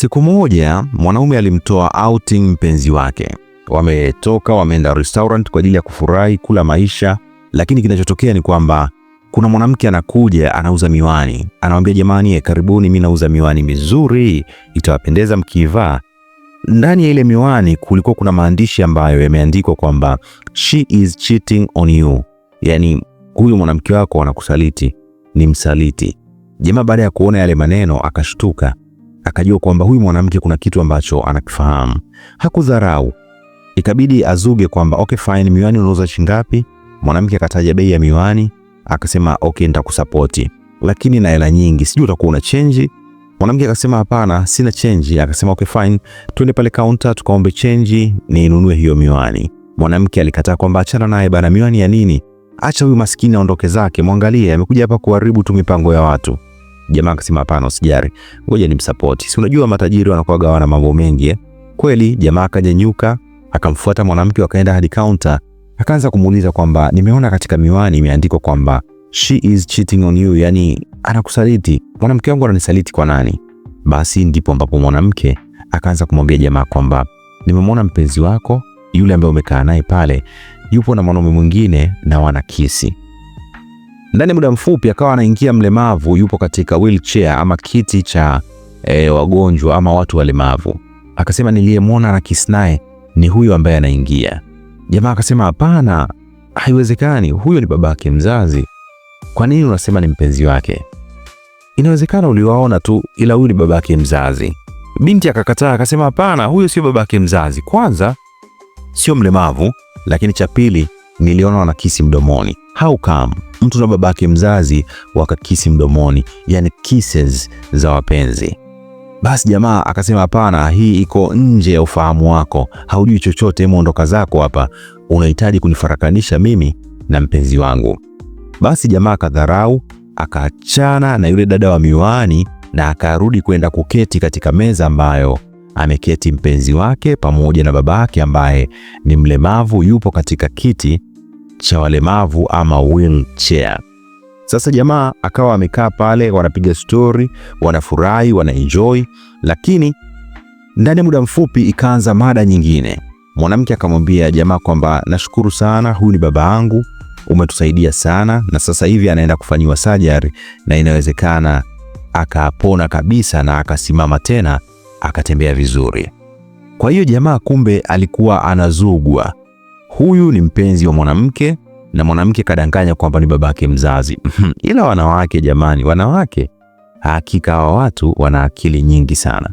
Siku moja mwanaume alimtoa outing mpenzi wake, wametoka wameenda restaurant kwa ajili ya kufurahi kula maisha, lakini kinachotokea ni kwamba kuna mwanamke anakuja anauza miwani, anamwambia jamani, eh, karibuni, mimi nauza miwani mizuri, itawapendeza mkiivaa. Ndani ya ile miwani kulikuwa kuna maandishi ambayo yameandikwa kwamba she is cheating on you, yani huyu mwanamke wako anakusaliti, ni msaliti. Jamaa baada ya kuona yale maneno akashtuka akajua kwamba huyu mwanamke kuna kitu ambacho anakifahamu. Hakudharau, ikabidi azuge kwamba okay fine, miwani unauza shingapi? Mwanamke akataja bei ya miwani, akasema okay, nitakusapoti lakini na hela nyingi, sijui utakuwa una change. Mwanamke akasema hapana, sina change. Akasema okay fine, twende pale kaunta tukaombe chenji ninunue hiyo miwani. Mwanamke alikataa kwamba achana naye bana, miwani ya nini? Acha huyu maskini aondoke zake, mwangalie amekuja hapa kuharibu tu mipango ya watu. Jamaa akasema hapana, usijari, ngoja nimsupport. Si unajua matajiri wanakuwa gawana mambo mengi eh? Kweli jamaa akanyanyuka akamfuata mwanamke, wakaenda hadi kaunta, akaanza kumuuliza kwamba nimeona katika miwani imeandikwa kwamba she is cheating on you, yani anakusaliti. Mwanamke wangu ananisaliti kwa nani? Basi ndipo ambapo mwanamke akaanza kumwambia jamaa kwamba nimemwona mpenzi wako yule ambaye umekaa naye pale yupo na mwanaume mwingine na wana kisi. Ndani ya muda mfupi akawa anaingia mlemavu, yupo katika wheelchair ama kiti cha e, wagonjwa ama watu walemavu. Akasema niliyemwona na kisnae ni huyo ambaye anaingia. Jamaa akasema hapana, haiwezekani, huyo ni babake mzazi. Kwa nini unasema ni mpenzi wake? Inawezekana uliwaona tu, ila huyu ni babake mzazi. Binti akakataa akasema hapana, huyo sio babake mzazi. Kwanza sio mlemavu, lakini cha pili niliona wanakisi mdomoni. How come mtu na babake mzazi wakakisi mdomoni, yani kisses za wapenzi? Basi jamaa akasema hapana, hii iko nje ya ufahamu wako, haujui chochote, hebu ondoka zako hapa, unahitaji kunifarakanisha mimi na mpenzi wangu. Basi jamaa akadharau, akaachana na yule dada wa miwani na akarudi kwenda kuketi katika meza ambayo ameketi mpenzi wake pamoja na babake ambaye ni mlemavu, yupo katika kiti cha walemavu ama wheelchair. Sasa jamaa akawa amekaa pale, wanapiga stori, wanafurahi, wanaenjoy, lakini ndani ya muda mfupi ikaanza mada nyingine. Mwanamke akamwambia jamaa kwamba nashukuru sana, huyu ni baba yangu, umetusaidia sana, na sasa hivi anaenda kufanyiwa sajari na inawezekana akapona kabisa na akasimama tena akatembea vizuri. Kwa hiyo jamaa kumbe alikuwa anazugwa huyu ni mpenzi wa mwanamke na mwanamke kadanganya kwamba ni babake mzazi. Ila wanawake jamani, wanawake hakika hawa watu wana akili nyingi sana.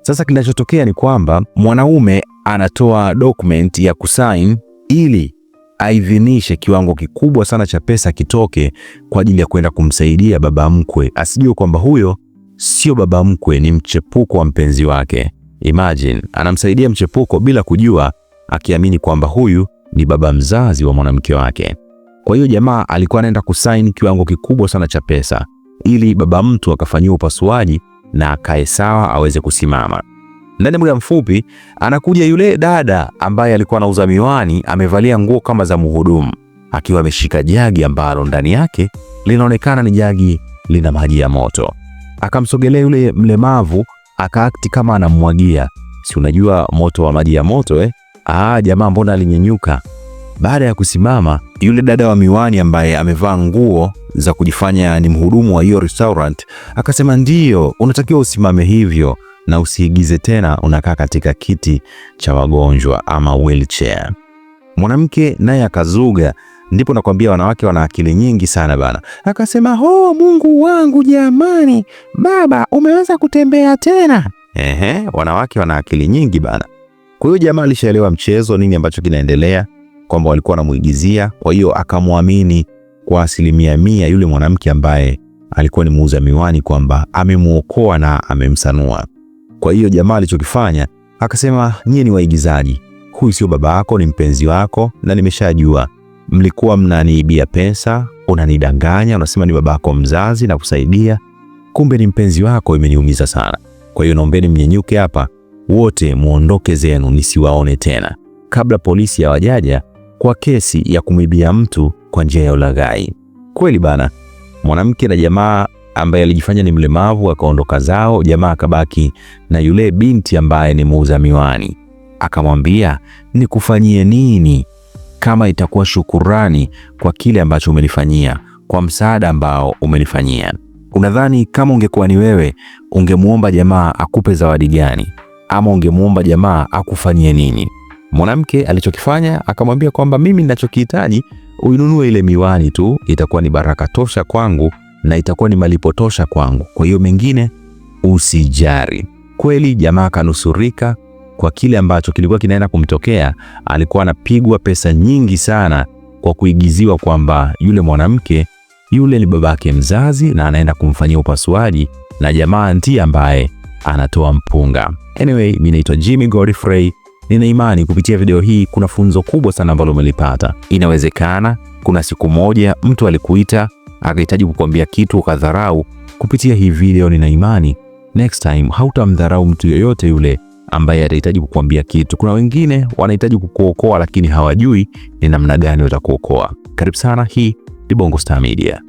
Sasa kinachotokea ni kwamba mwanaume anatoa document ya kusign ili aidhinishe kiwango kikubwa sana cha pesa kitoke kwa ajili ya kwenda kumsaidia baba mkwe, asijue kwamba huyo sio baba mkwe, ni mchepuko wa mpenzi wake. Imagine anamsaidia mchepuko bila kujua akiamini kwamba huyu ni baba mzazi wa mwanamke wake. Kwa hiyo jamaa alikuwa anaenda kusaini kiwango kikubwa sana cha pesa ili baba mtu akafanyiwa upasuaji na akae sawa aweze kusimama. Ndani ya muda mfupi anakuja yule dada ambaye alikuwa anauza miwani, amevalia nguo kama za mhudumu, akiwa ameshika jagi ambalo ndani yake linaonekana ni jagi lina maji ya moto. Akamsogelea yule mlemavu akaakti kama anamwagia, si unajua moto wa maji ya moto eh? ah, jamaa mbona alinyenyuka? Baada ya kusimama, yule dada wa miwani ambaye amevaa nguo za kujifanya ni mhudumu wa hiyo restaurant akasema, ndiyo, unatakiwa usimame hivyo na usiigize tena unakaa katika kiti cha wagonjwa ama wheelchair. Mwanamke naye akazuga, ndipo nakwambia wanawake wana akili nyingi sana bana. Akasema, ho, Mungu wangu jamani, baba umeweza kutembea tena? Ehe, wanawake wana akili nyingi bana. Kwa hiyo jamaa alishaelewa mchezo, nini ambacho kinaendelea, kwamba walikuwa wanamuigizia. Kwa hiyo akamwamini kwa asilimia mia yule mwanamke ambaye alikuwa ni muuza miwani kwamba amemwokoa na amemsanua. Kwa hiyo jamaa alichokifanya akasema, nyie ni waigizaji, huyu sio baba yako, ni mpenzi wako, na nimeshajua mlikuwa mnaniibia pesa, unanidanganya, unasema ni babako mzazi na kusaidia, kumbe ni mpenzi wako. Imeniumiza sana, kwa hiyo naombeni mnyenyuke hapa wote muondoke zenu, nisiwaone tena, kabla polisi hawajaja kwa kesi ya kumwibia mtu kwa njia ya ulaghai. Kweli bana, mwanamke na jamaa ambaye alijifanya ni mlemavu akaondoka zao. Jamaa akabaki na yule binti ambaye ni muuza miwani, akamwambia nikufanyie nini kama itakuwa shukurani kwa kile ambacho umenifanyia, kwa msaada ambao umenifanyia. Unadhani kama ungekuwa ni wewe ungemwomba jamaa akupe zawadi gani? ama ungemwomba jamaa akufanyie nini? Mwanamke alichokifanya akamwambia kwamba mimi ninachokihitaji uinunue ile miwani tu, itakuwa ni baraka tosha kwangu na itakuwa ni malipo tosha kwangu, kwa hiyo mengine usijari. Kweli jamaa akanusurika kwa kile ambacho kilikuwa kinaenda kumtokea. Alikuwa anapigwa pesa nyingi sana kwa kuigiziwa kwamba yule mwanamke yule ni babake mzazi na anaenda kumfanyia upasuaji na jamaa ndiye ambaye anatoa mpunga. Anyway, mimi naitwa Jimmy Godfrey. Nina imani kupitia video hii kuna funzo kubwa sana ambalo umelipata. Inawezekana kuna siku moja mtu alikuita akahitaji kukwambia kitu ukadharau. Kupitia hii video, nina imani next time hautamdharau mtu yoyote yule ambaye atahitaji kukwambia kitu. Kuna wengine wanahitaji kukuokoa, lakini hawajui ni namna gani watakuokoa. Karibu sana, hii ni Bongo Star Media.